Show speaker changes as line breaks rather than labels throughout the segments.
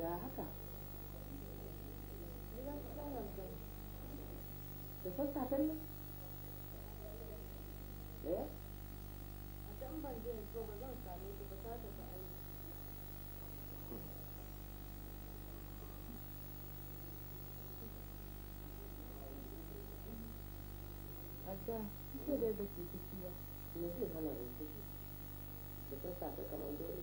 ya haka
da sassafen nan eh a can ban je so ba zan same ki ba ta tafi aiki adda ita dai baki ciki ba me zai hana in ciki da sassafe kamar dole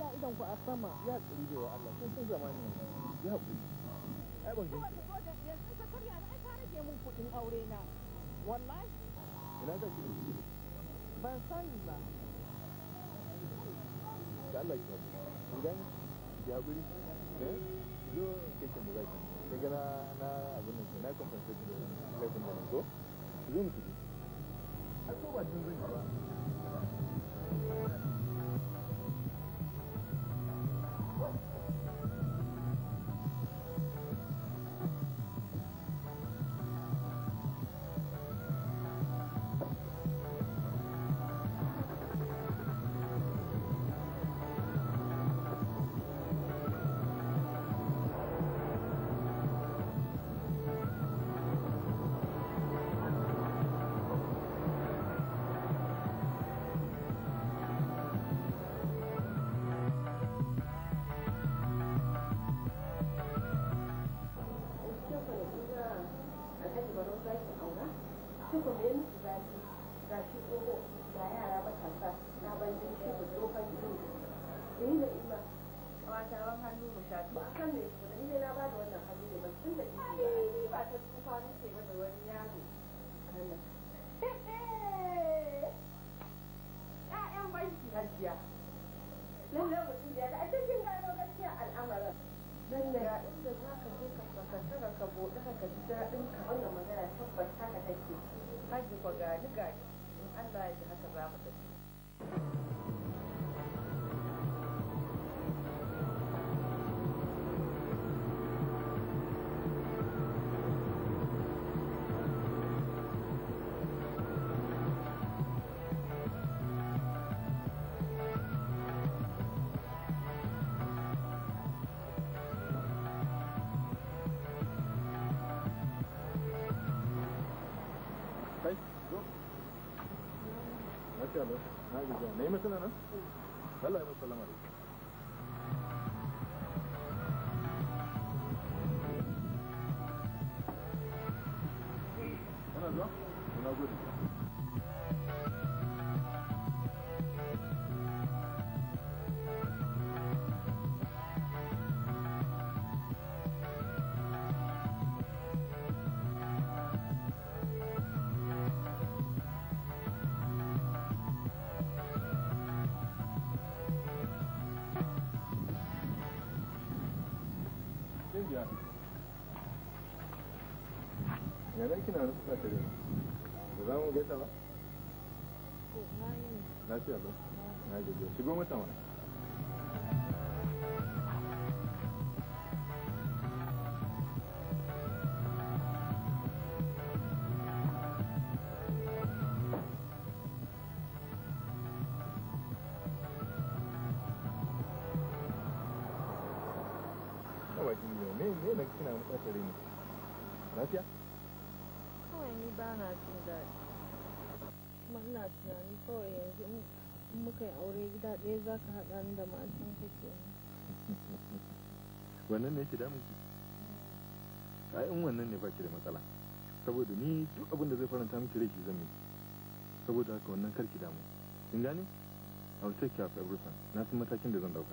iya idan ku a sama ya tsiri da wa Allah kun san zamani ya ai ban gani
yanzu ka karya da ai ka rage mun kuɗin aure na wallahi ina ka ki ban sani ba
da Allah ki idan ya eh ke zaki na abin nan na da laifin da nan ko zo mu ki
ko ba ba
yayan ƴaƴan banki hajiya lallai mutum ya ga a cikin gano gaskiya al'amarin lallai ya inda za ka je ka fakasara ka buɗe ka ji daɗin ka wannan magana tabbata ka take haji ko gani
kina da kuka da za mu gaisa ba? na ce shigo
ina tunani kawai yanzu in muka yi aure gida ɗaya za ka haɗa ni da matan ka ke
wannan ne yake damun ki mm. ai in wannan ne baki da matsala saboda ni duk abin da zai faranta miki rai ki zan saboda haka wannan karki damu kin gane I will take care of everything na san matakin da zan dauka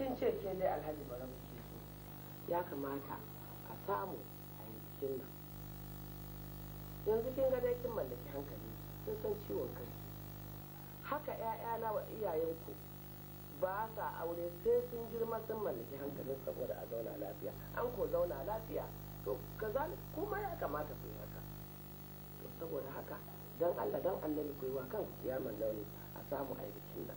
kin ce ke dai alhaji bara su ya kamata a samu a yi nan yanzu kin ga dai kin mallaki hankali sun san ciwon kai haka ƴaƴana wa iyayenku ba sa aure sai sun girma sun mallaki hankalin saboda a zauna lafiya an ko zauna lafiya to kuma ya kamata su yi haka to saboda haka dan Allah dan annabi ku yi kan kiyamar launi a samu a bikin nan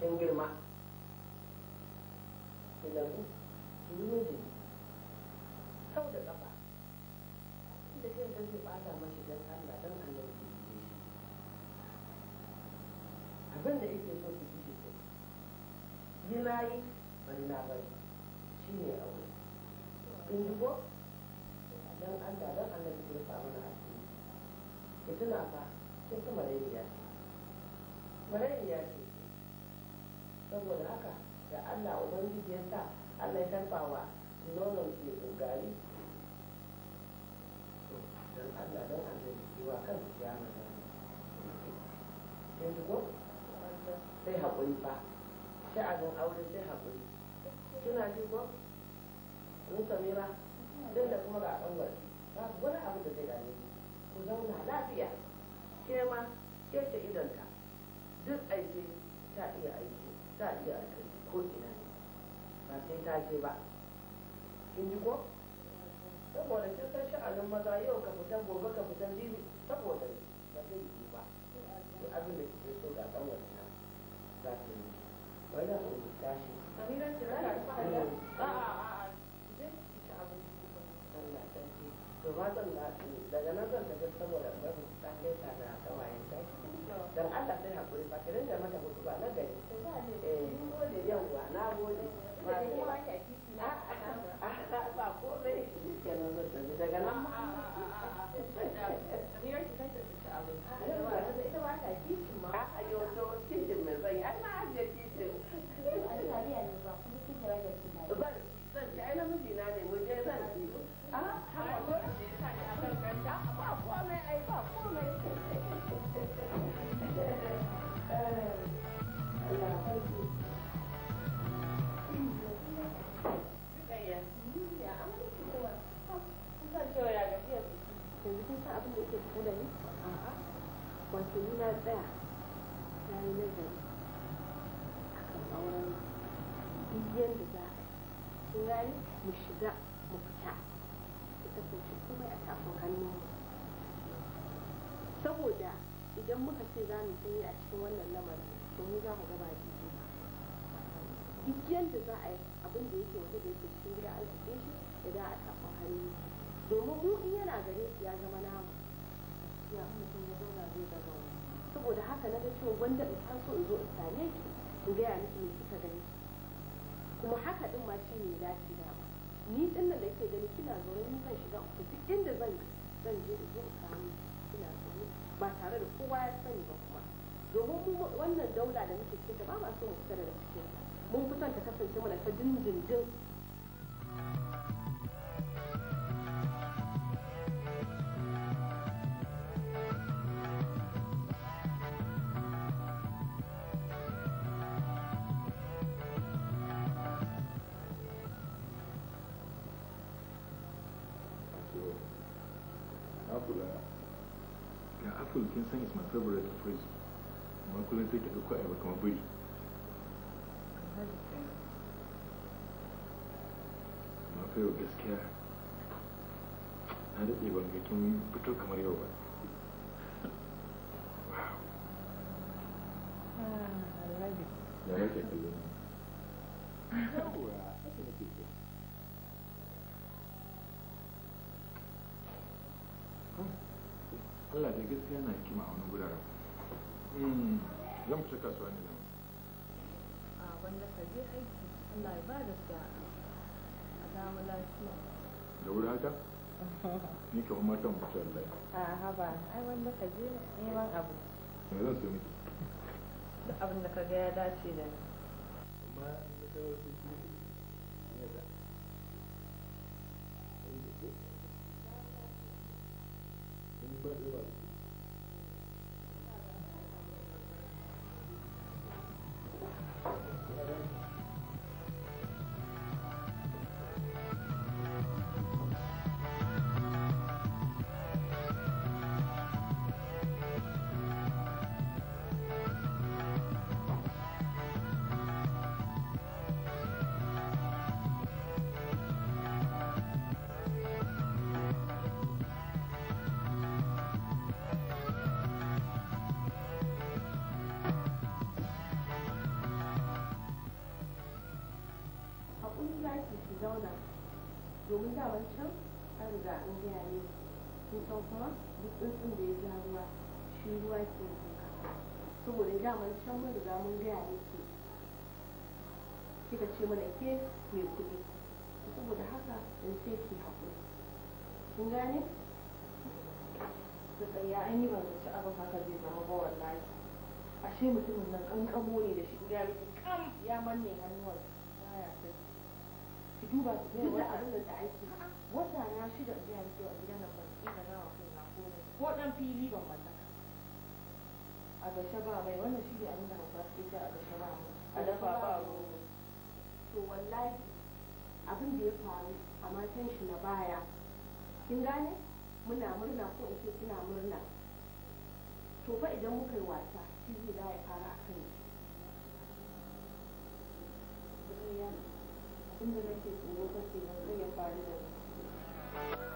sun girma su lagu su yi miji sau da ƙafa da kai don su ɓata mashi don Allah don Allah su yi shi abin da yake so su yi shi ko yi na yi bari na bari shi ne aure in ji ko don Allah don Allah su yi samu na asiri ya tuna fa sai su marayi ya ce marayi ya ce saboda haka da Allah ubangiji ya sa Allah ya karfa wa nonon ke gari don Allah don Allah yi wa kan ya mana yanzu ko sai haƙuri fa sha'azin aure sai haƙuri suna ji ko mun samira din da kuma ga kanwar babu wani abu da zai gane ku zauna lafiya ke ma ke ce idonta duk aiki ta iya aiki za a iya kai ko ina ne ba sai ta je ba kin ji ko saboda kin san sha'anin maza yau ka fitan gobe ka fitan jibi saboda ba zai yi ba to abin da kike so da kan wannan za ta yi ba da ku tashi amina ki rana ta fara a a a zai ki abin Allah san ki to ba zan da daga nan zan tafi saboda ba mu ta kai ta na kawayen ta dan Allah sai hakuri ba kiran rinda mata mutuba na gari daga eh. nan na tsaya na yi nazari a kan auren biyan da za a sun gani mu shiga mu fita ya kasance komai a tafin hannun saboda idan muka ce za mu yi a cikin wannan lamarin to mu za mu gaba jiki duk yadda za a yi abin da yake wata da yake cikin gida an shi da a tafin hannu domin mu in yana gare ya zama na haka na ga cewa wanda in taso in zo in same ki in gaya miki me kika gani kuma haka din ma shi ne dace da ni din nan da ke gani kina zaune ni zan shiga ku duk inda zan zan je in zo in samu kina zaune ba tare da kowa ya sani ba kuma domin wannan daula da muke cikin da ba ma so mu fita daga cikin mun kusan ta kasance mana ta dindindin
fito kamar yau ba Allah da gaskiya na hikima a wani guraren hmm, zan fita kasuwa ne zama
a wanda
ka je aiki Allah ya ba da sa'a a damu lafiya
da wuri haka? ni ka umar kan mutu wallahi
a haba ai wanda ka je neman abu
me zan so miki
duk abin da ka ga ya dace da ni
amma in ka ga wasu
tsuntsun da ya ja ruwa shi ruwa ke kuka saboda daman can mun riga mun gaya yake kika ce mana ke mai kuɗi saboda haka in sai ki haƙuri kun gane da tsaye an yi banzaci abin haka zai zama ba wallahi ashe mutumin nan kankamo ne da shi ya rike kam ya manne hannuwar baya sai ki duba su ne wata abin da ta aiki. wata na shi da ya a gidan nan ko dan fili ban mallaka a ga shaba mai wannan shi ne abin da hausa suke ce a ga shaba mai a dafa ba rogo to wallahi abin da ya faru a matan shi na baya kin gane muna murna ko in ce kina murna to fa idan muka yi wasa shi zai da ya fara a kan shi abin da nake tsoro kake nan zai ya faru da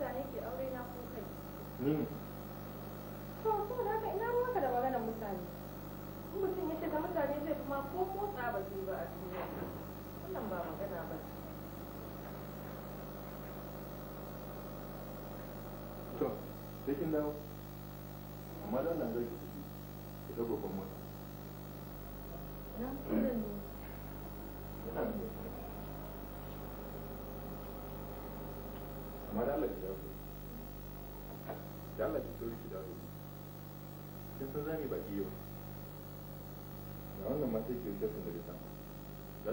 mutane ke aure na ko kai to so da haka ina ka da maganar mutane mutum ya shiga mutane zai kuma ko motsa ba zai ba a duniya wannan ba magana ba
to sai kin dawo amma da nan zai ki ki da kwan mota guda hudu da Allah ki sauri guda hudu kin san zami baki yau na wannan ma sai ki wuce sun daga sama za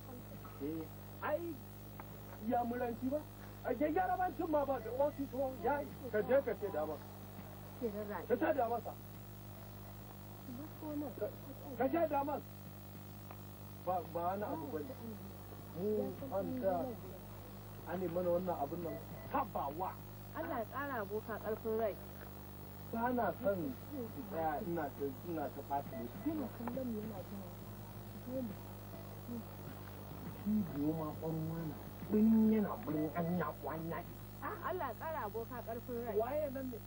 Eh, ai ya muranci ba a je yarabancin ma ba da wasu ya yi ka je ka ce dama
ka ce sa ka ce
ba ba wani abu ba ne mu an ta an mana wannan abin nan tabawa
Allah ya ƙara aboka ƙarfin rai
ba na son ina ina ta fata ne
cibiyoma ƙwarwana ɗin yana ɓurin an na ƙwana.
Allah ƙara aboka ƙarfin rai. Waye nan ne?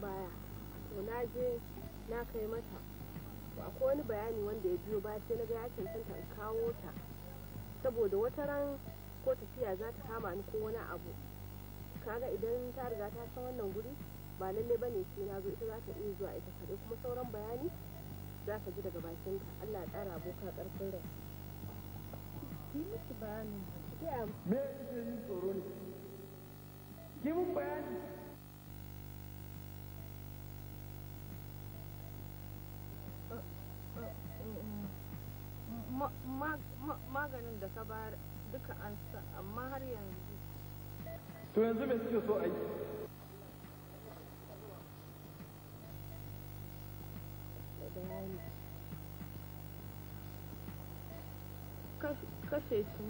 baya to na je na kai mata to akwai wani bayani wanda ya biyo ba sai na ga ya cancanta in kawo ta saboda wata ran ko tafiya za ta kama ni ko wani abu kaga idan ta riga ta san wannan guri ba lalle ba ne sai na zo ita za ta iya zuwa ita kaɗai kuma sauran bayani za ka ji daga bakinta Allah ya ƙara boka ƙarfin rai.
Ki miki bayanin. Me
yake yin tsoro ne? Ki mun bayani
maganin da ka bayar duka an sa amma har yanzu to yanzu me suke so a yi kashe shi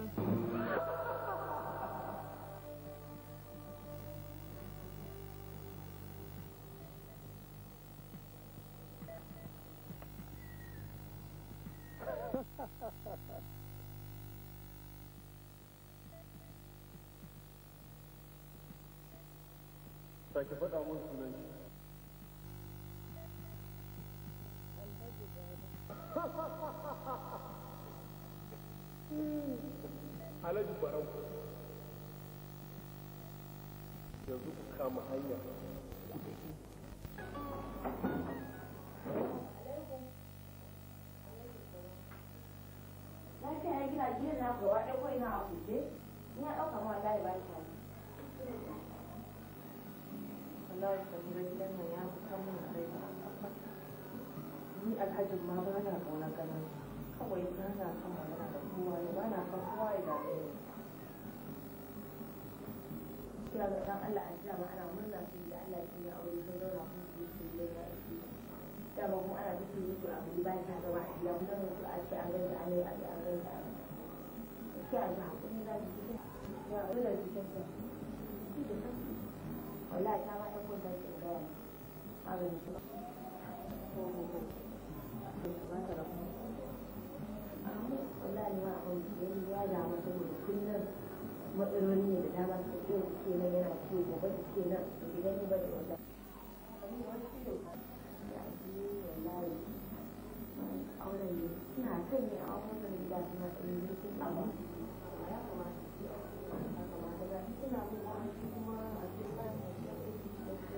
sake faɗa mun sunan shi alhaji barau yanzu ku kama hanya ku ce ya
gina jiya na kowa ɗauko ina a ni ina ɗauka mawa wallahi ba ta wallahi kabira gidan nan ya fi kan mun rai ni alhajin ma ba na ganin kawai ba na kan magana da kowa ne ba na kan kowa ya dame ni Ya ga dan Allah an jira ma ana murna su da Allah ke ya aure sun zauna kun su su ne ya ba ana a guri ta gaba Ya gida kuma su a ce an gani an yi a ga an gani a ga gaskiya da hakuri na jikin ya aure jikin wallahi ta ma da kin ga da da da da a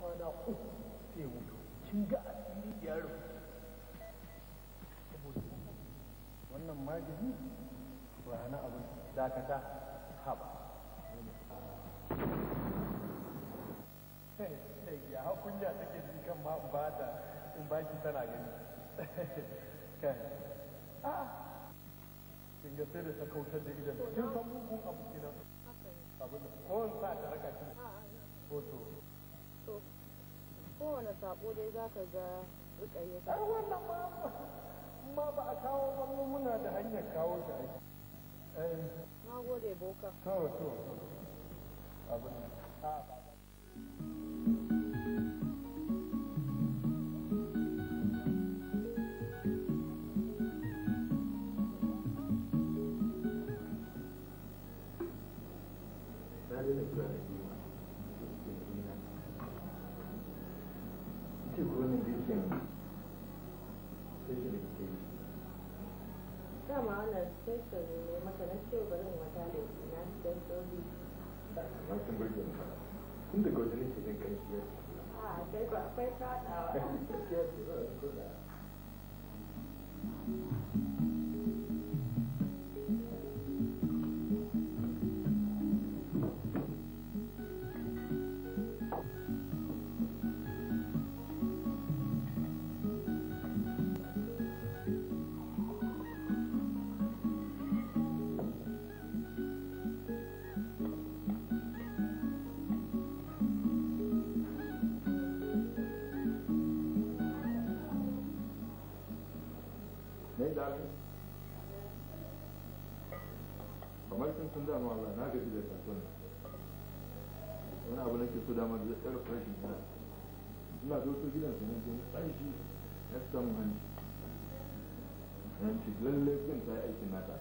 kwana uku
sai mutu kin ga asiri ya rufu
saboda wannan magani ba na abin dakata haba ya hau kunya take ji kan ma ba ta in ki tana gani kan a kin ga sai da ta kautar da idan kin san mugun abu kina abin
ko sa ta raka ki
to.
kowane sako dai za ka ga rikaye ta wannan ma ba
a kawo ba mu muna da hanyar kawo ta ai eh.
na gode boka to to
abin a ba
dama wannan station ne maka na wata da na da sauri
amma kin a kai ba akwai na gaji da kasuwan wani abu nake so dama da tsara farashin gida ina da wasu gidan su ne don tsanshi ya samu hanci hanci lalle zan ta yi aikin nata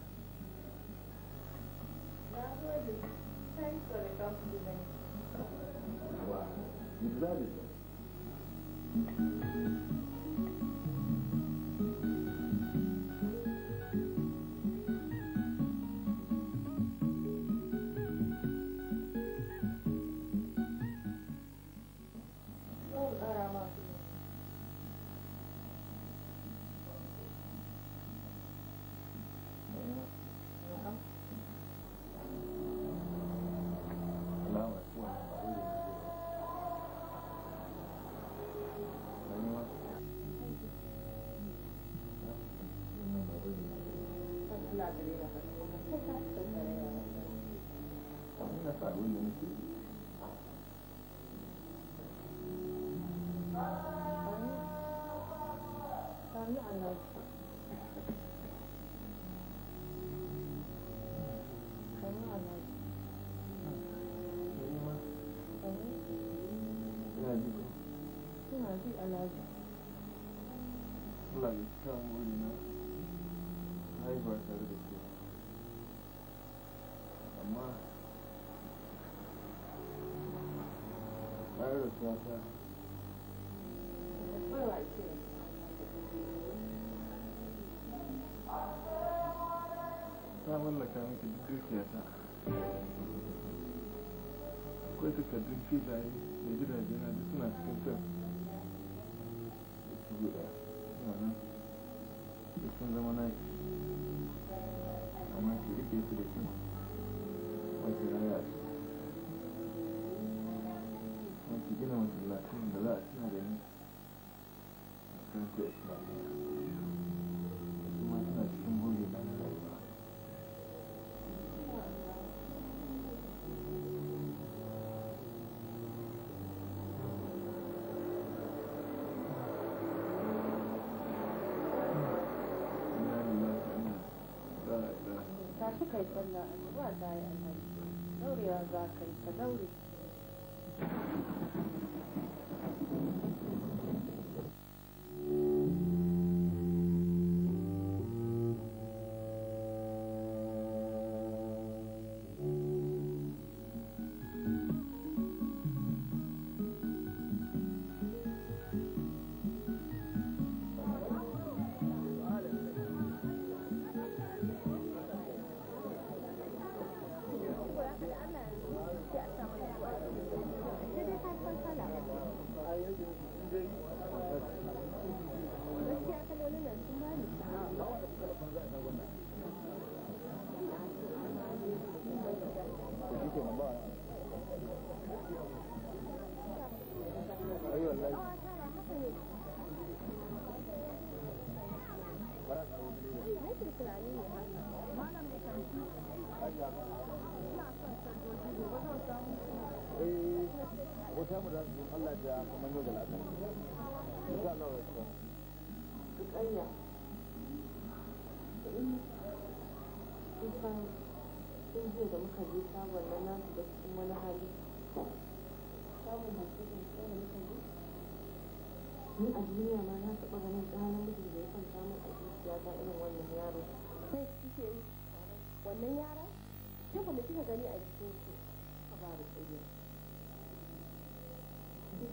Wow. You
ta sa abin da nake Allah tare da bayan rasuwa ta ta mallaka miki dukiya ta akwai takardun filaye da gidaje na suna cikin can da guda suna nan duk sun zama na amma ki rike su da kyau ba ki raya Ka gina masallatun da za a tuna da
ni makarantar cikin buri na rayuwa
Ka fi kai sallah, ba za a daurewa za ka yi, ka daure.
mu za su zo Allah ta kamar yau da lafiya
ya duk anya kun san kun da muka je shagon ya wannan yara ta ba mu kika gani a jikin su ka ba da tsayyar.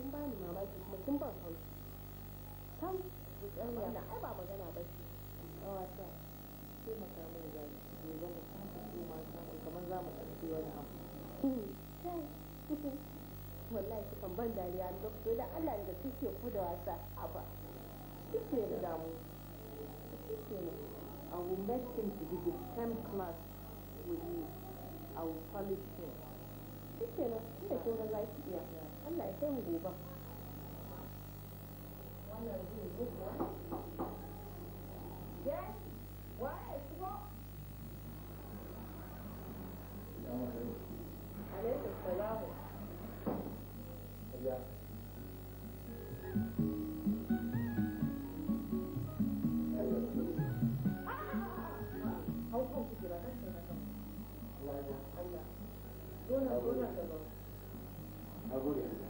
kin ba ni mamaki kuma kin ban haushi kan zuciya na ai ba magana ba ce kawata
sai maka mai da zai ba mu san ku ma samun kamar za mu ɗauki wani abu
wallahi su kan ban dariya lokacin da Allah da suke ku da wasa aba ke da damu kike ne I will make him to be the same class with you. I will polish him. Kike ne kike kun ga iya. Allah ya kai mu gobe
Thank you. 还不远。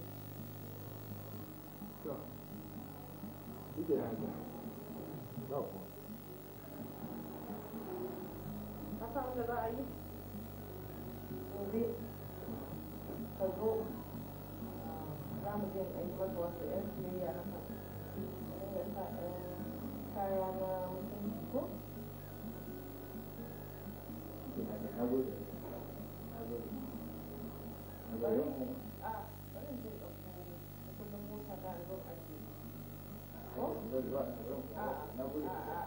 ああ。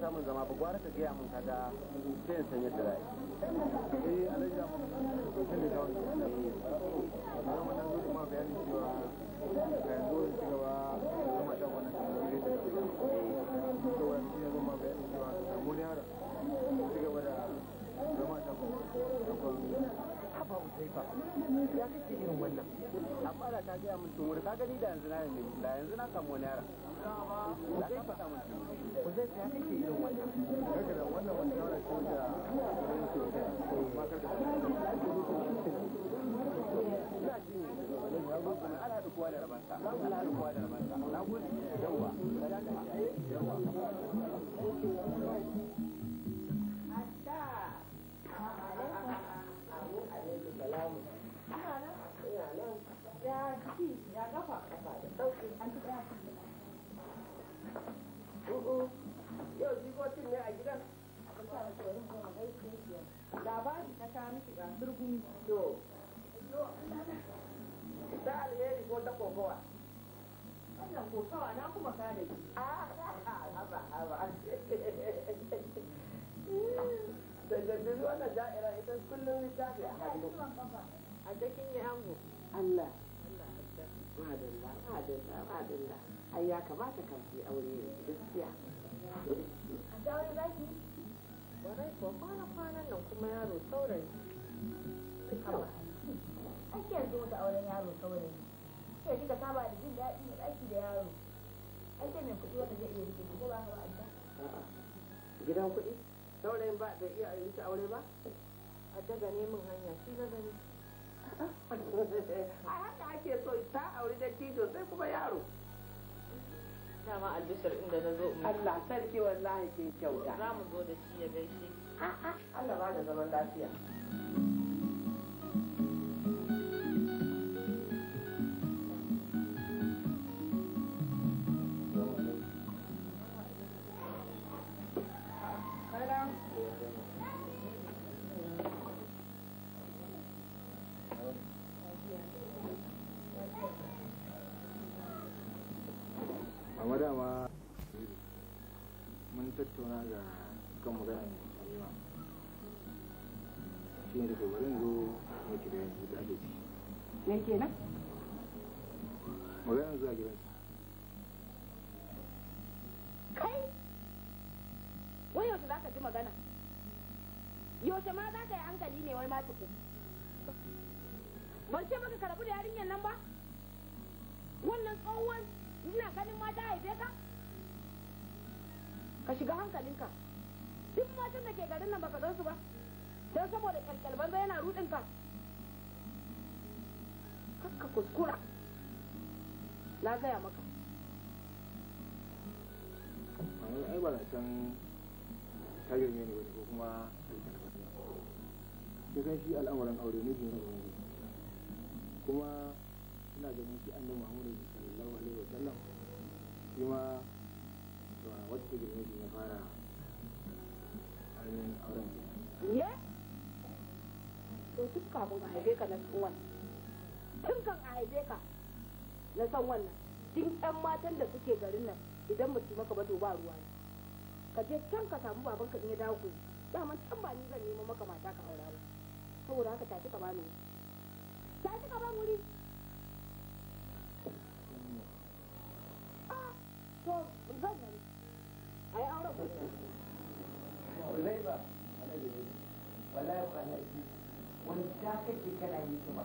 samun zama ba gwara ka gaya mun kaga sai in sanya da rai Eh alaiya mun da kawai. ne amma dan zo kuma bayani
cewa ga yanzu in ci gaba zama shan wannan tambayoyi da ke da. Saboda shi ne kuma bayani cewa mun ya da yara ci gaba da zama shan wannan haba ba ya kake irin wannan
amma da ka gaya mun to tumur ka gani da yanzu na ne da yanzu na kamo naira da ka faɗa min tumur ya kake irin
to ta alheri ko ta kokowa wannan kokowa na kuma kare ki a haba haba da wannan da'ira ita kullum littafi a hannu a cikin yi ango Allah madalla madalla madalla ai ya kamata kan fi aure gaskiya a ga zaki ko kwana kwanan nan kuma yaro saurayi ake yanzu auren yaro sai kika saba da jin daɗi da da yaro mai kuɗi wanda zai iya rike ko ba ka
ba gidan kuɗi
saurayin ba da iya yi ta aure ba hanya shi na gani a haka ake so ta aure da sai kuma yaro dama inda na zo Allah sarki wallahi ke kyauta za mu zo da shi ya gaishe a'a Allah ba da zaman lafiya ɗaya kenan
magana zuwa gidansa
kai wai yaushe za ka ji magana yaushe ma za ka yi hankali ne wai ma tuku ban ce maka karabu da yarinyar nan ba wannan tsohon ina ganin mata ta haife ka ka shiga hankalinka duk matan da ke garin nan baka don su ba don saboda kyalkyal banza yana rudin ka ka kuskura na gaya maka
amma ai ba zancen tagar ne ba ko kuma sai san shi al'amuran aure ne ne kuma ina ganin shi annabi Muhammadu sallallahu alaihi wa sallam shi ma da wata girme ne fara ainihin auren
ne? to duk kafin a haife ka na tsuwan tun kan a haife ka na san wannan duk yan matan da suke garin nan idan mutum maka ba to ba ruwa ne ka je can ka samu babanka in ya dawo ku dama can ba ni zan nemo maka mata ka aura ba saboda haka tafi ka bani tafi ka bani wuri ah, to zan gani
ai auren ku
zai ba wallahi ba
wani ta kake kana yi kuma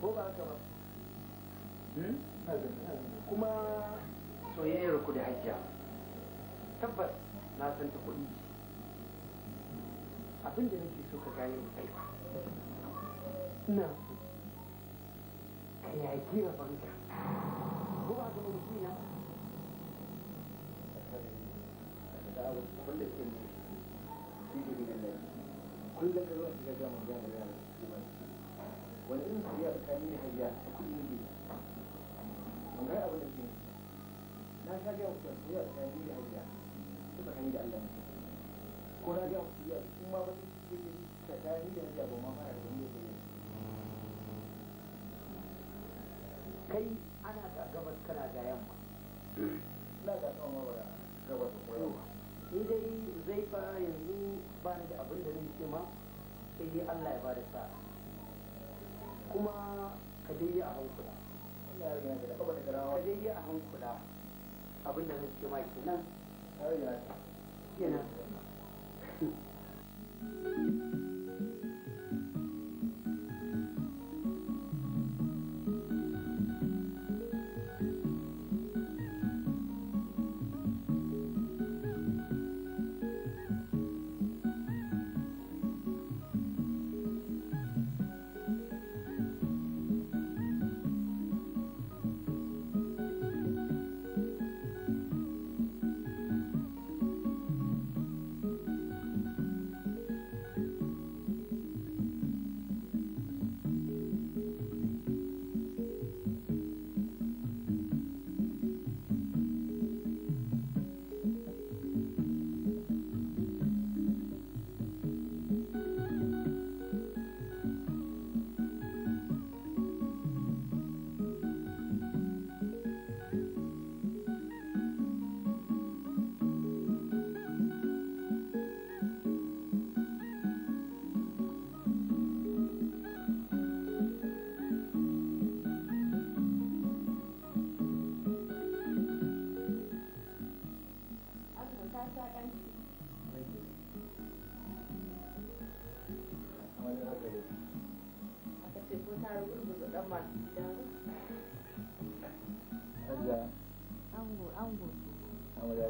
ko ba haka ba hmm? kuma
soyayyar ku da hajjiya tabbas na san ta kuɗi abin da nake so ka gane ni kai ina so ka
yaki rabanka ko ba ka ba da kullum ka zuwa shiga gama gama yara wani irin soyayya tsakanin da hajiya da kuɗi ne ban gane abin da ke na sha gaya muku soyayya tsakanin da hajiya ta tsakanin da Allah ko na gaya muku soyayya in ma wani ke tsakanin da hajiya ba ma fara da wani da
kai ana ga gabas kana ga yamma na ga kan mabara gabas ko yamma ni dai zai fara yanzu ba ni da abin da zai ce ma sai dai Allah ya bada sa'a kuma ka dai a hankula ka dai a hankula abinda zan ce ma kenan
kenan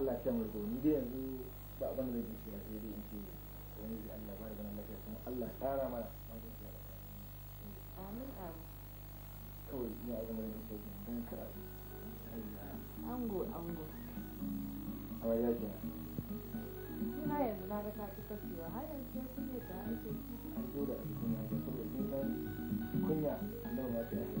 Allah ya mu rubuta ni dai yanzu ba ban da zai ya sai dai in ce wani da Allah ba da lafiya kuma Allah tsara mana wannan da amin amin kawai ya ga mun da ke dan kara ango ango a ya kenan
na yanzu na ga ta kaci kashewa har yanzu sai kunya da ake
ciki a da a cikin yanzu saboda kin san kunya annabi ma ta yi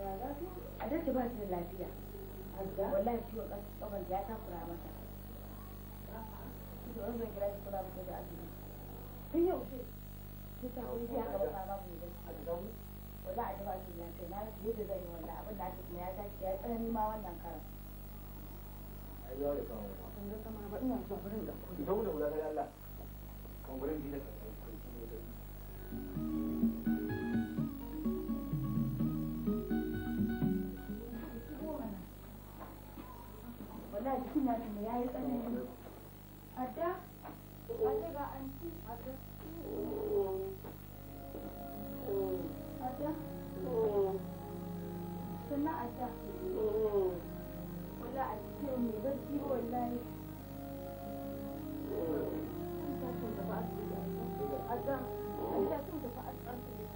a dace ba ta da lafiya wallahi ciwon kaban ya takura mata da wanda kira shi kula mata da azumi tun yau ce ki ta wani ya gaba ta ba mu da wallahi a jaba shi lafiya na rasa yadda zan yi wallahi abin da ake kuma ya tashi ya tsanani ma wannan karan
ayyuwa da
wala jikin na tunda yayi tsanani sannan adda wala a jikin ne barci wallahi adda adda sun tafi asibiti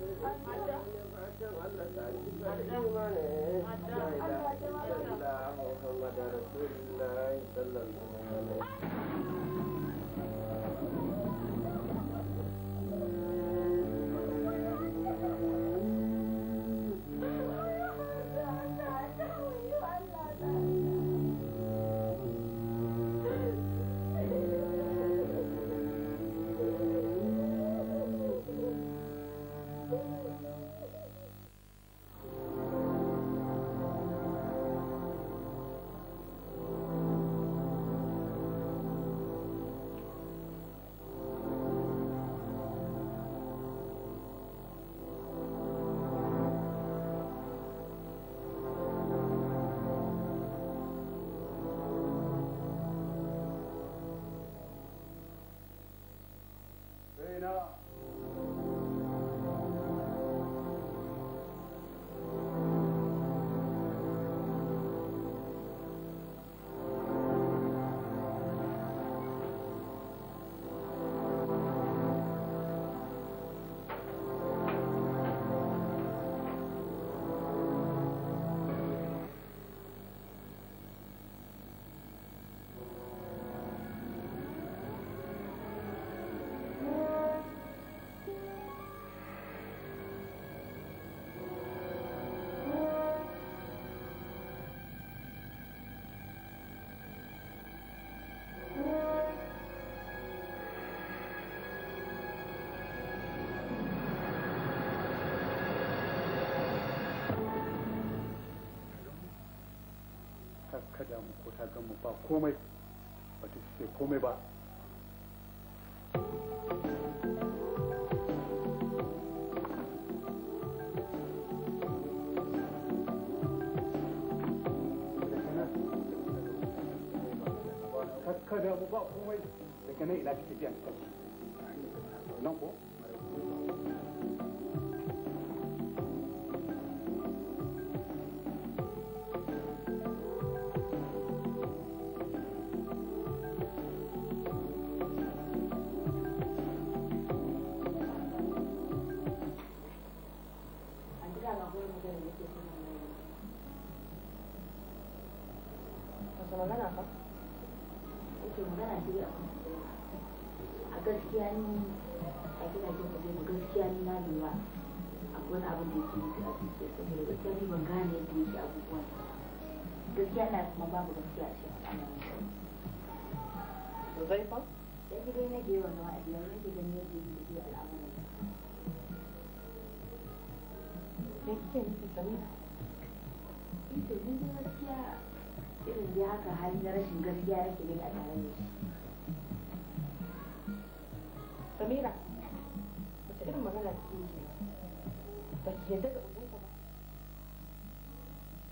Allah Muhammad Rasulullah sallallahu alaihi wasallam
ga mu ko ta gan mu ba komai ba ta ce komai ba kada mu ba komai daga nan ina kike biyan kashi nan ko
gaskiya ni a gidajen waje mu gaskiya ni na lura akwai abin da yake yi a cikin saboda gaskiya ni ban gane yadda yake abubuwan gaskiya na kuma babu gaskiya a cikin al'amarin sosai fa da gidan na da yawan nawa a gidan rage ganin yadda yake yi al'amarin me kike nufi sami ito ni gaskiya irin da haka hali na rashin gaskiya yake ne a tare da shi samira wace irin magana ce ba ki yadda da ubanka ba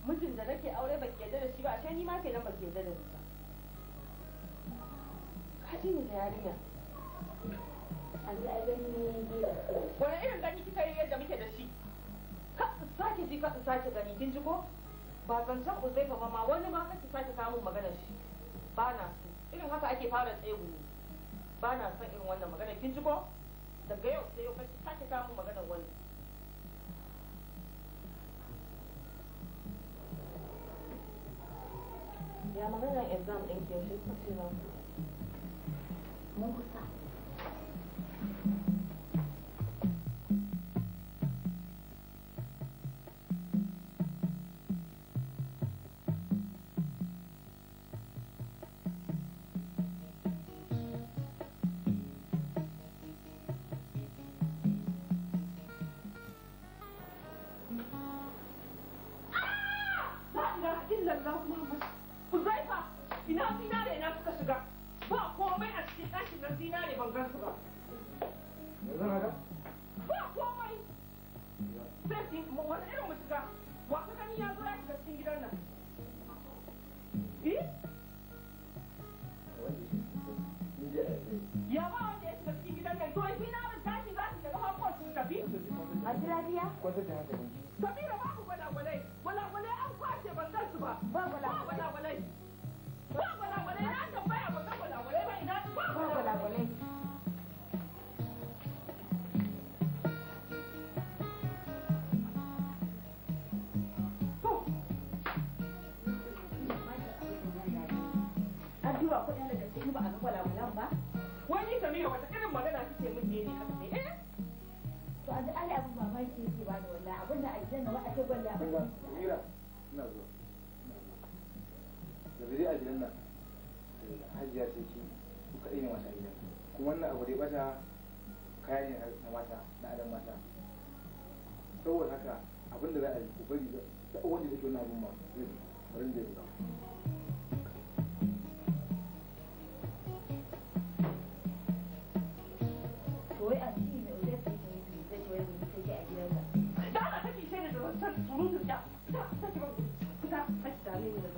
mijin da nake aure ba ki yadda da shi ba ashe ni ma kenan ba ki yadda da shi ba
ka ji ni da yarinya
an ji ai gani wani irin gani kika yi yadda muke da shi ka sake ji ka sake gani kin ji ko ba zancen uzaifa ba ma wani ma kake sake samun magana shi ba na so irin haka ake fara tsegu ne. ba na son irin wannan magana kin ji ko daga yau sai yau ka sake samun magana wani ya magana exam ɗin ke shi kusa mun kusa
hajiya sai ki kuka ɗaya mata gidan kuma wannan abu da ya bata kaya ne na mata na mata saboda haka abin da za a yi ku bari da wanda take wannan abin ma zai bari da ya
I think the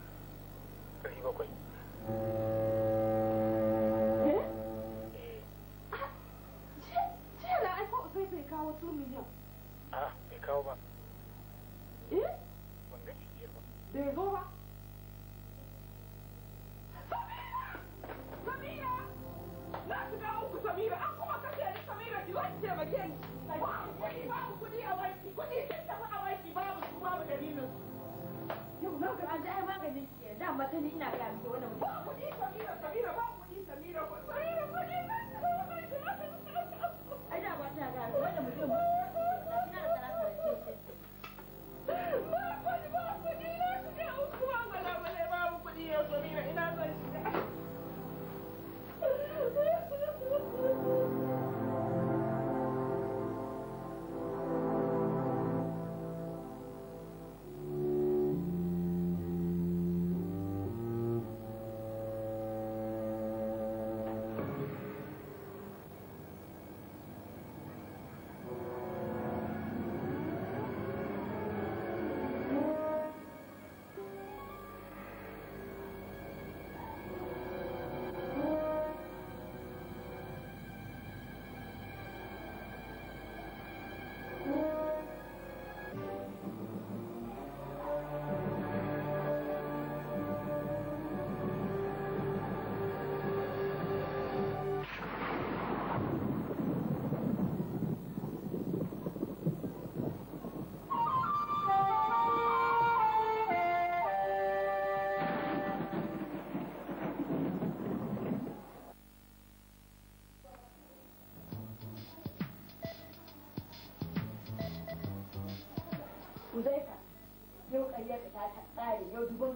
要直播。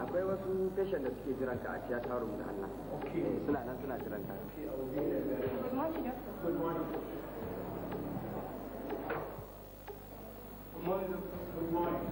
akwai wasu fashion da suke jiran ka a cikin tarum da Allah eh, suna nan suna jiran ka
Good
morning.
Good morning.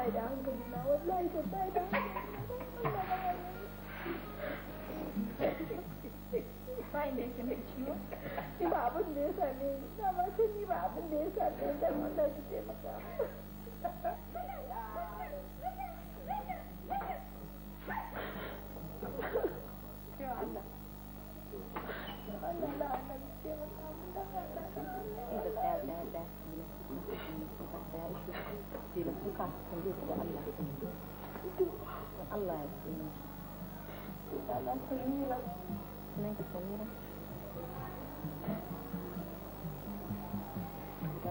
wallahi da hankali na wallahi da hankali ciwo ni ba abin da ya same ni na ba ni ba abin da ya same ni Allah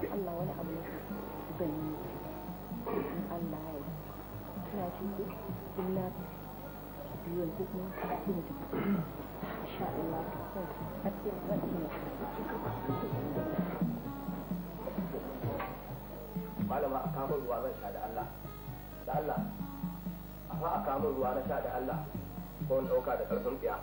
wani abu zai yi in
Allah ya ci kuma ci insha Allah
malama a kama ruwa zan sha da Allah da Allah a a kama ruwa na sha da Allah
ko ɗauka da ƙarfin tsiya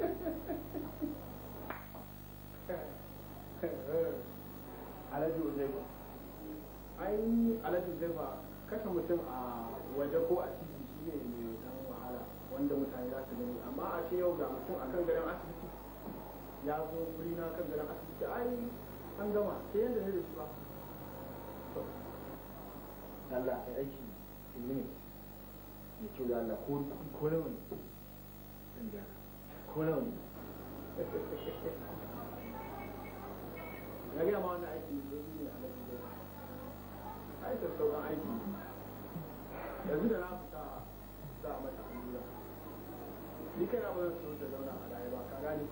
Thank you.
Eh, alhaji uzaiba ai alhaji uzaiba kasa mutum a waje ko a titi shi ne mai dan wahala wanda mutane za su gani amma a ce yau ga mutum a kan asibiti ya zo wuri na kan garin asibiti ai an gama sai yadda ne da shi ba Allah ya aiki ne ya ce da Allah ko ko launi ko na gaya ma wannan aiki ne shi ne alaƙi goma aikar sauran aiki yanzu da na fita za a mata allura ni kai na bazan so ta zauna a raye ba ka gane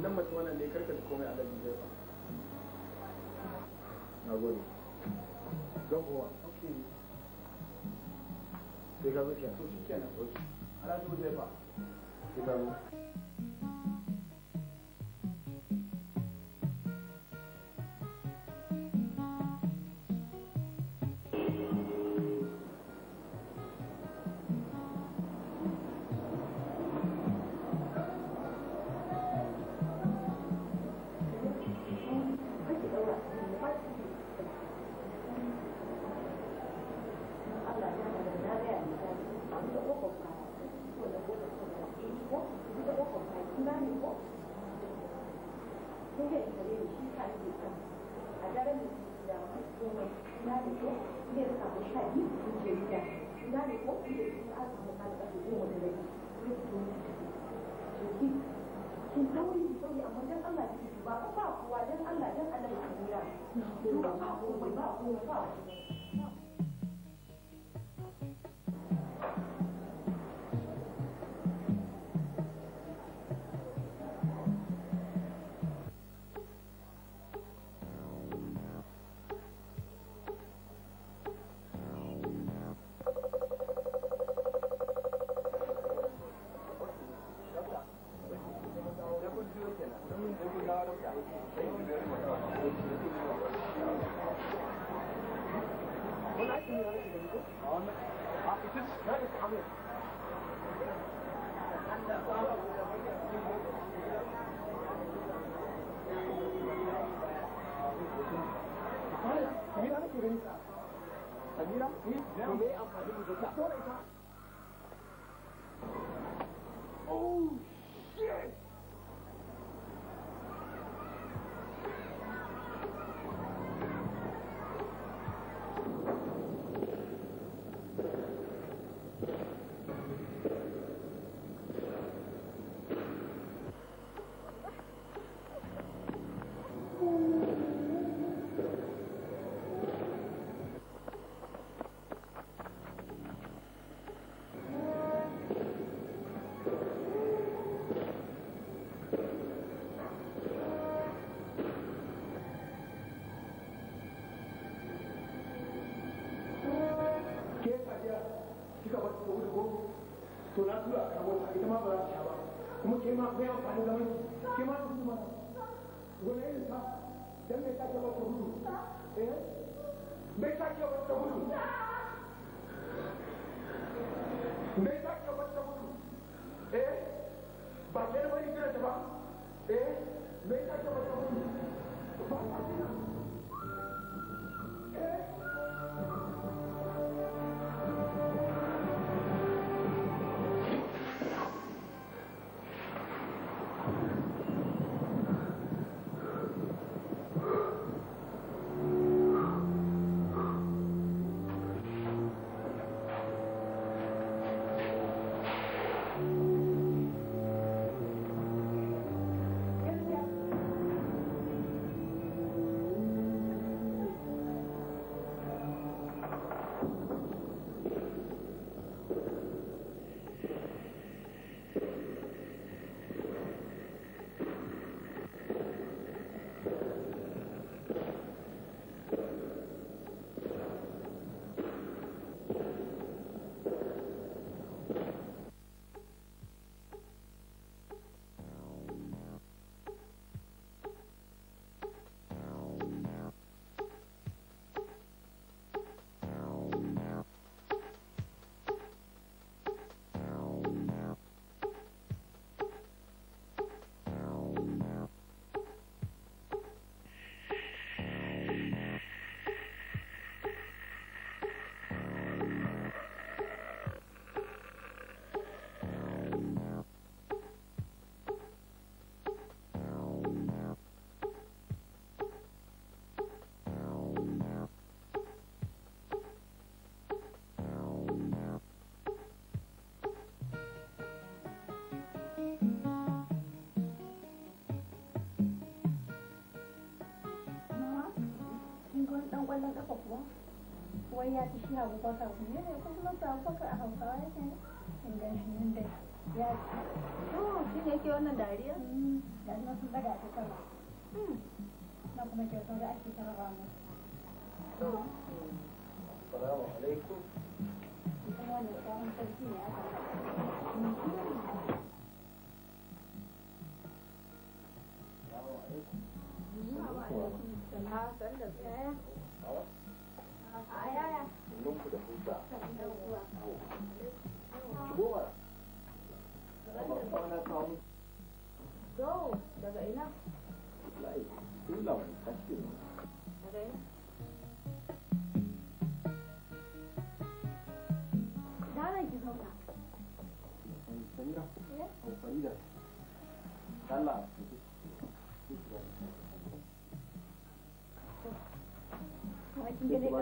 nan mace wannan ne karka da komai alaƙi zai ba na gode don kowa ok sai ka zo kenan to shi kenan ok alaƙi zai ba sai ka zo
akwai amfani da wani ke ma su kuma wani irin ka dan me ka taba ƙwallon ƙafa kuwa wai ya ci shi abubakar ku ne ko kuma ta kwaka a hausawa yake in gan shi nan da ya ci to shi ne yake wannan dariya da na daga na kuma kyautar da ake sarki ne aka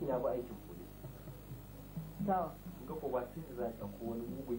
aikin ya bi aikin polis ga ko ba sai za a ɗauko wani mugun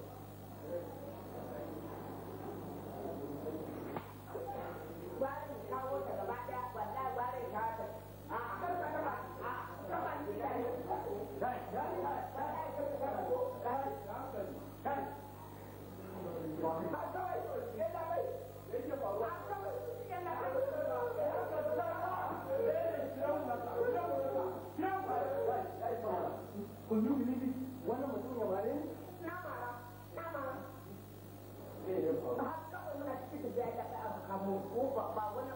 ko ba tafiya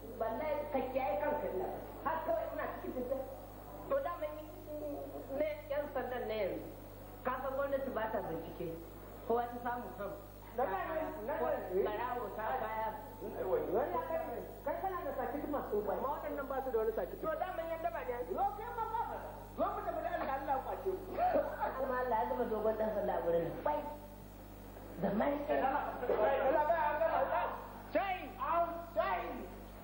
wallahi ka kiyaye kanka ina har kawai ina cikin fita to da yi ne yan sandan ne yanzu ka san gwamnati ba ta bincike ko ta samu kan barawo ta baya wani ya kai kana da sakiti masu ba ma waɗannan ba su da wani sakiti to da yanda ba ne yo kai ma ba ba zo mu tafi da Allah Allah kwace mu amma Allah ya zuba dogon dan sallah gurin bai da mai kai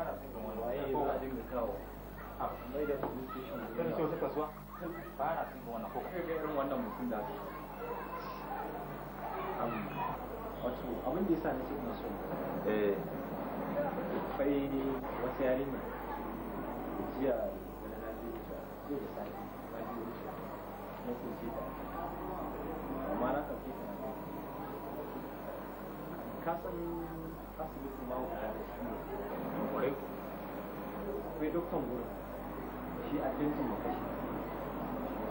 wato abin da yasa nake ina so eh akwai jiya da na ji ta so da sai na ji ta na so ji ta amma na ta ka san asibitin ma da shi ne mai gurin shi a tintin mu kashi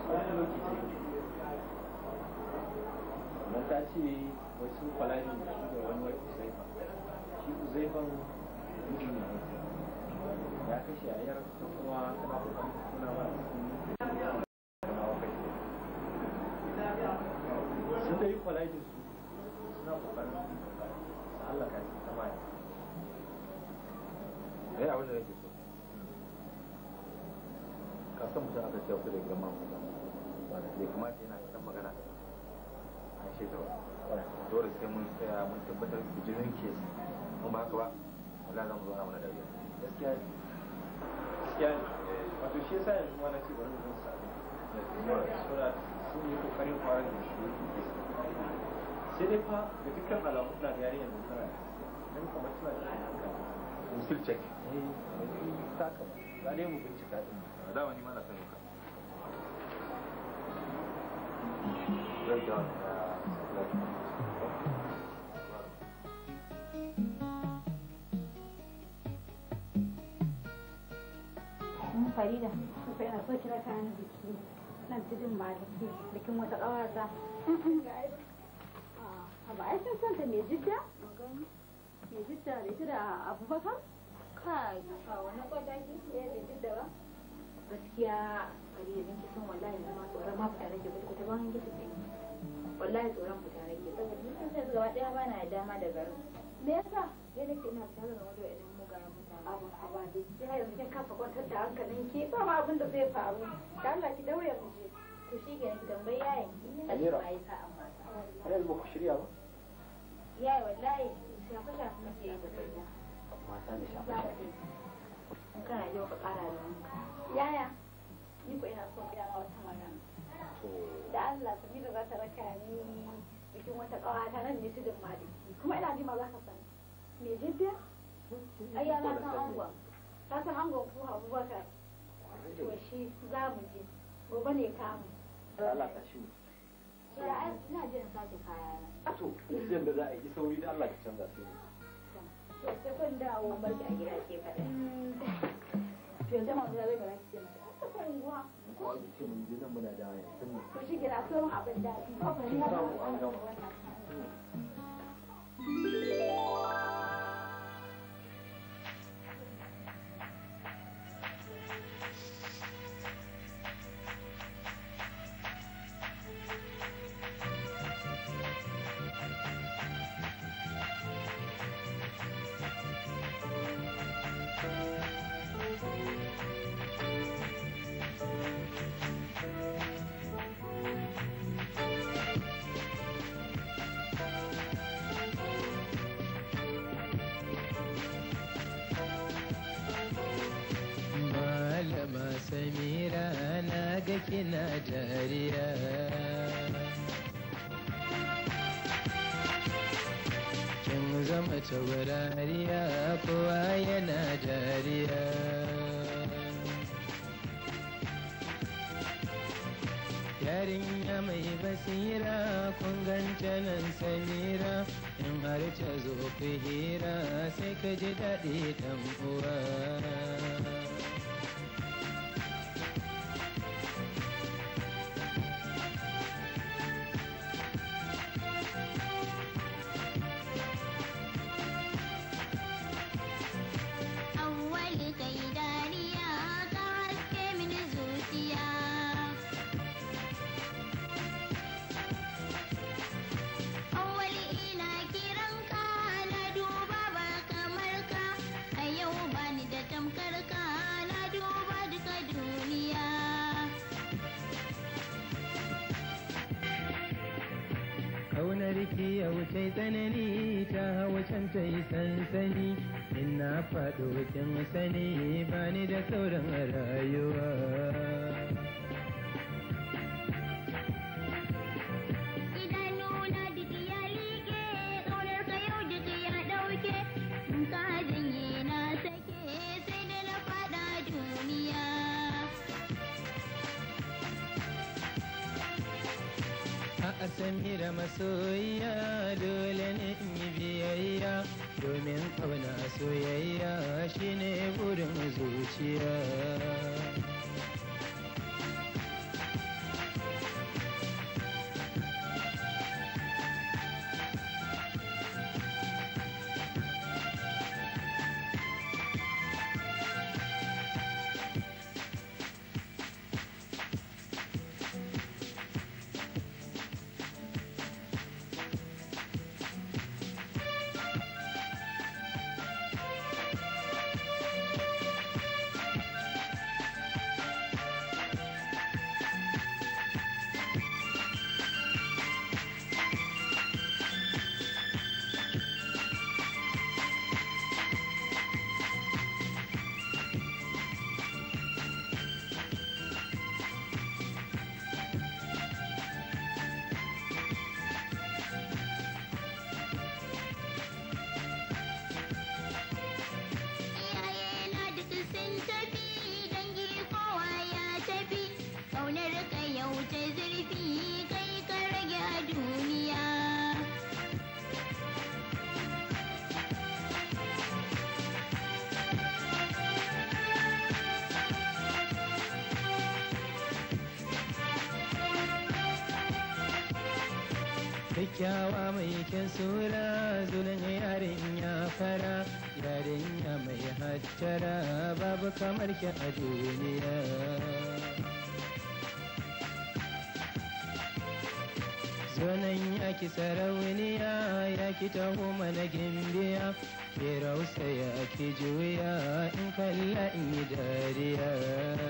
wani ta ce wasu kwalajin da su wani wani uzaifa shi uzaifan mijin ya kashe a yar ta kuma tana kuma ba mutum aka ce kusa da gidan mamu bai kamata yana kan magana a shekara dole sai mun tsaya mun tabbatar da jirin ke mun ba ka ba wala zan zo na mana dariya gaskiya ne gaskiya ne wato shi yasa yanzu ma na ce bari mu sa suna sun yi kokarin fara da shi sai dai fa da dukkan alamu suna da yarinyar da tara dan kamar suna da hankali musul check eh ta kama ba ne mu bincika din haka dama ni ma na
Farida, so kira ka biki nan wata A ah, ba ta mai jidda? Mai jidda da ita da Abubakar? Kai, ba wani kwata ki mai jidda ba? gaskiya gari da wallahi tsoron ma fita nake wallahi tsoron fita nake saboda gaba daya ba na dama da garin me yasa ya nake ina tare da wani mutane yanzu kin kafa kwantar da hankalin ki ba ma abin da zai faru Allah ki daure mu je to shi ke yayin ki ne ba yi har
yanzu ku shirya ba
yayi wallahi shafa shafa yi da kai mata ne shafa shafa kana yau ka kara da yaya ni ko ina son gida wata magana. da Allah ta ni za ta raka ni bikin wata kawata nan ne tudun maliki kuma ina ji ma za ka sani me jidda
ai ya na san angon
ka san angon ko Abubakar to shi za mu je gobe ne kamu
da Allah ta shi
ina jin sake kaya
na to yanda za a yi sauri da Allah ki canza su ne
to sai kun dawo barki a gida ke kaɗai mm. 学校就在那边来骑嘛，这快了哇！
就那么在家
耶？给他送嘛，不人家，他肯定要
送。
dariya kin zama taurariya kowa yana dariya yarinya mai basira kun ganta nan samira in har ta zo hira sai ka ji daɗi ɗan uwa kaunarki ya wuce tsanani ta hawa ta yi sansani ina faɗo kin sani ba ni da sauran rayuwa kyakkyawa mai kyan sura zulun yarinya fara yarinya mai hattara babu kamar ki a duniya zonan yaki sarauniya yaki taho mana gimbiya ke ya ki juya in kalla in yi dariya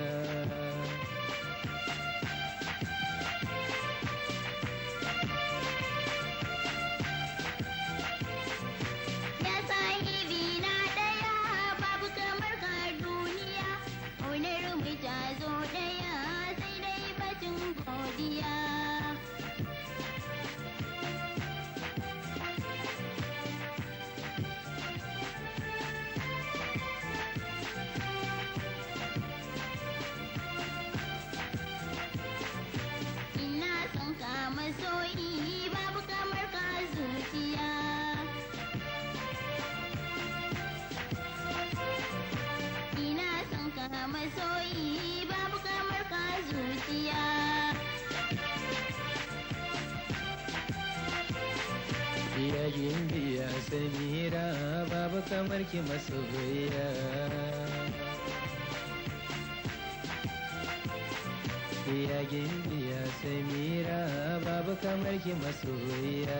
ya gimbiya samira babu kamar ki masoyiya ya gimbiya samira babu kamar ki masoyiya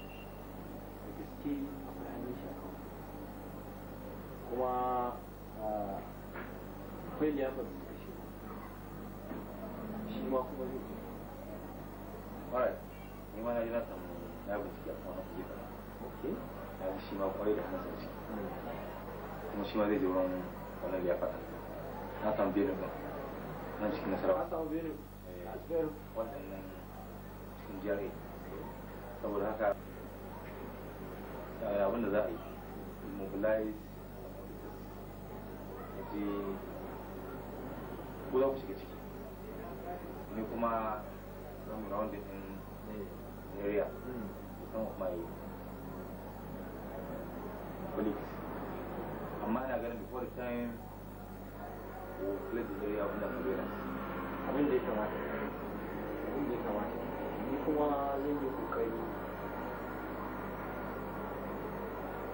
shi akwai hannun shi kuma ah, akwai liyafar da shi shi ma kuma zai ni ma na yi na samu na a ok yi shi ma da hannun hmm. kuma shi ma zai je wurin wannan liyafar na samu nan cikin na samu eh, a wannan cikin jari saboda haka abinda za a yi mobilize je za ku shiga ciki ni kuma zan round in area some of my colleagues amma ina ganin before the time ko play the area abinda surveillance abinda ya kamata abinda ya kamata ni kuma zan yi kokari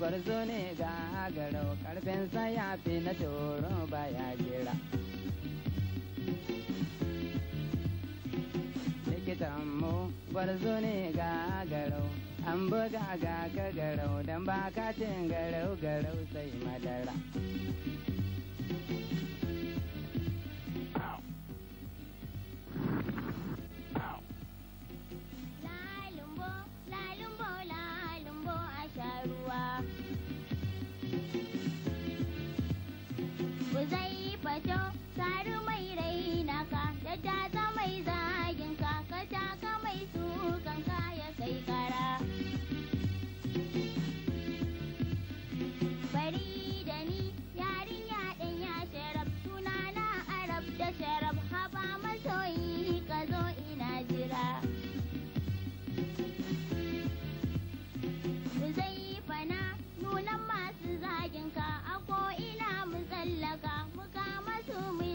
gwarzo ne ga garo karfinsa ya fi na toro baya likitan mu gwarzo ne ga garo an buga ga ka garau don ba ka cin garau garau sai madara
ta ta mai zagin ka ka mai sukan ka ya kai kara bari da ni yarinya ɗan ya sharaf sunana na arab da sharaf haba masoyi ka zo ina jira zai fana nunan masu zagin ka a ko ina mu tsallaka mu kama su mu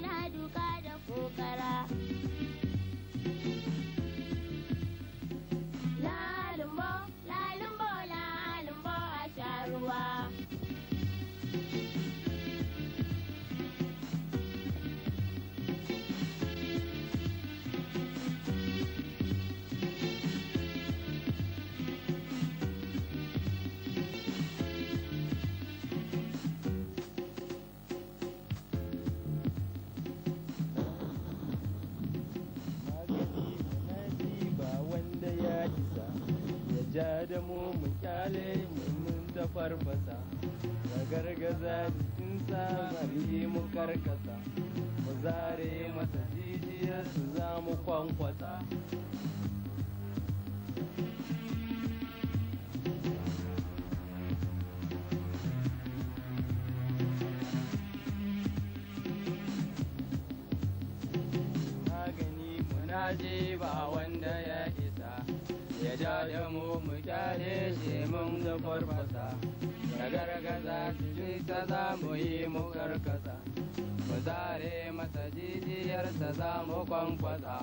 ja da mu mu kyale mun ta farfasa da gargaza jikin sa bari mu karkasa mu zare masa jijiya su za mu kwankwasa magani muna je ba wanda ya ja da mu mu kyale shi mun da farfasa da gargaza cikinsa za mu yi mu karkasa mu zare masa jijiyarsa za mu kwankwasa.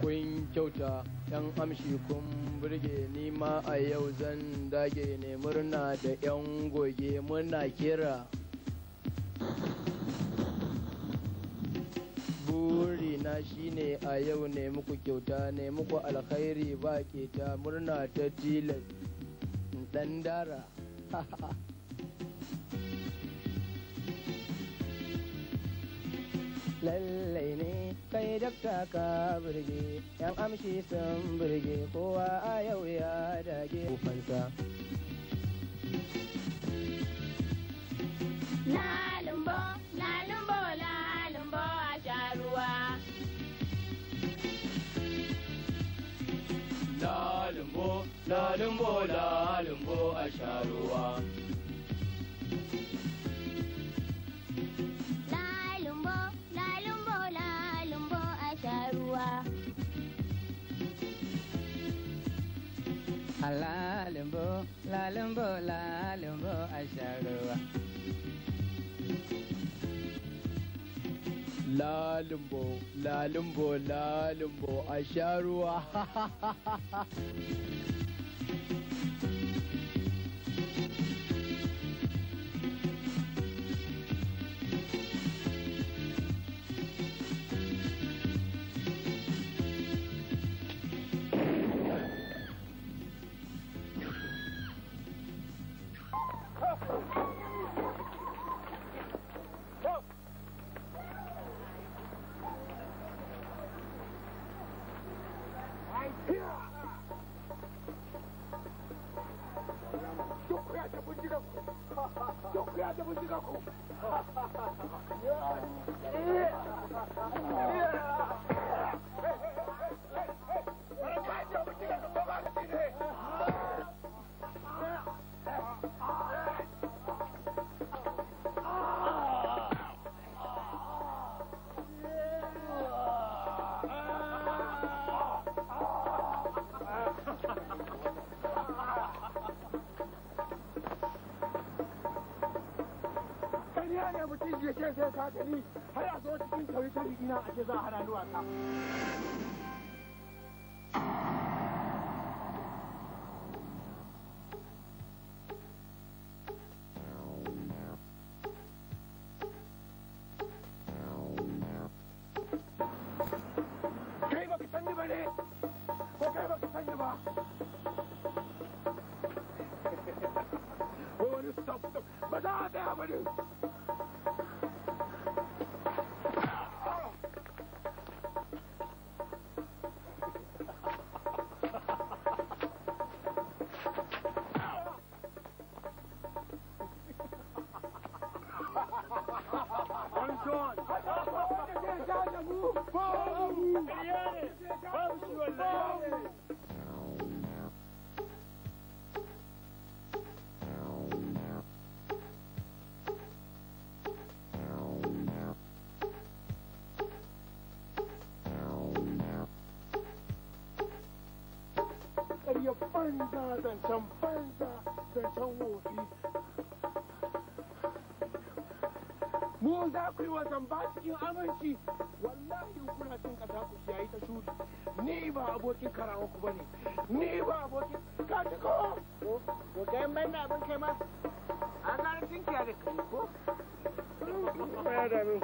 kun kyauta yan amshi kun burge ni ma a yau zan dage ne murna da yan goge muna kira Buri na shine a yau ne muku kyauta ne muku alkhairi ba ke ta murna ta tilas dan dara. Lallai ne kai dakta ka burge, yan amshi sun burge kowa a yau ya dage kufansa.
Na lumbo, na lumbo, la
lalumbo
lalumbo a sharuwa
lalumbo lalumbo lalumbo a
sharuwa lalumbo lalumbo lalumbo a sharuwa lalumbo lalumbo lalumbo a sharuwa
banza zancen banza zancen wofi mu za ku yi wasan ba cikin aminci wallahi kuna cin kasa ku yayi ta shuri ni ba abokin karawa ku bane ni ba abokin ka ci ko ko kai mai na abin kai ma an ga cin kiya da kai ko ya da mu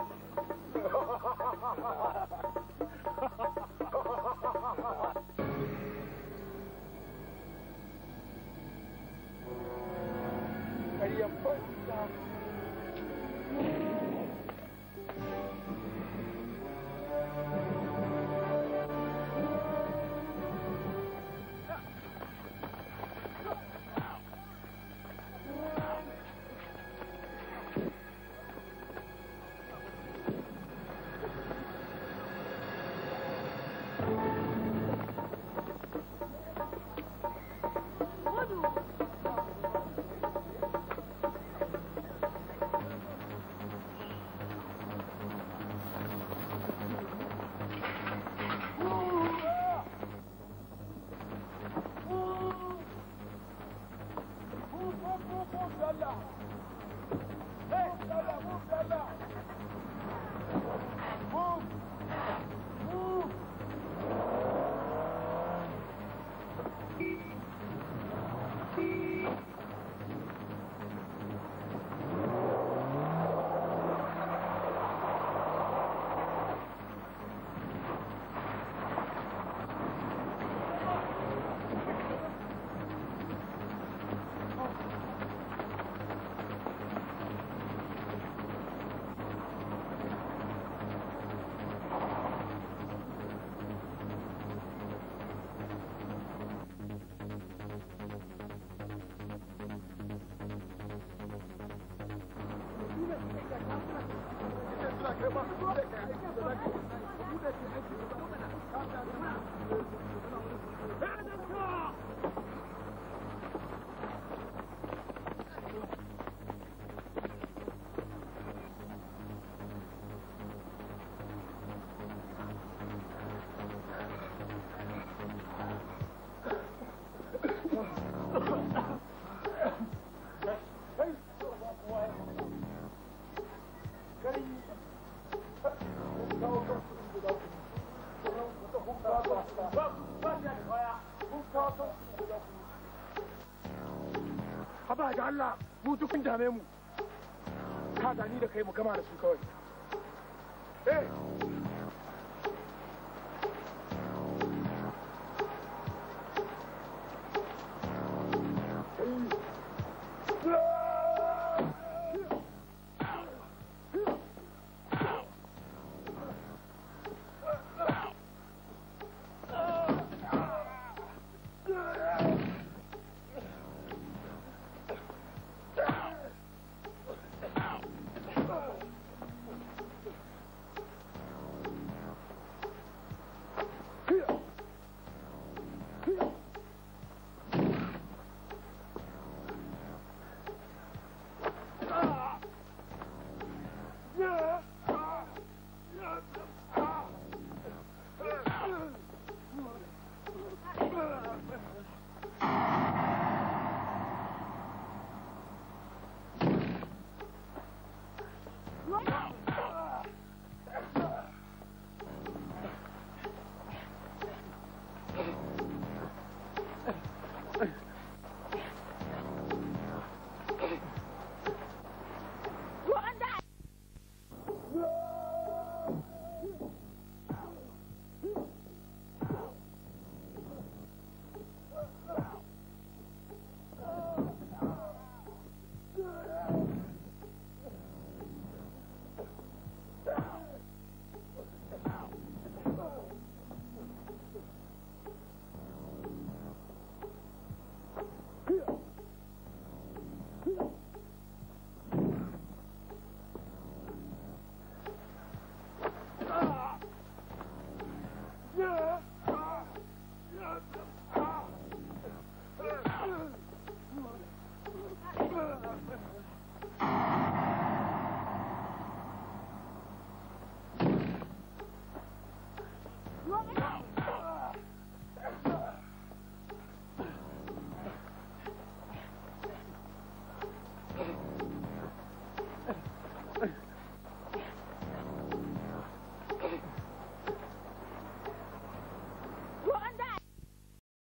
Thank you.
duk dame mu ka gani da kai mu gama da su kawai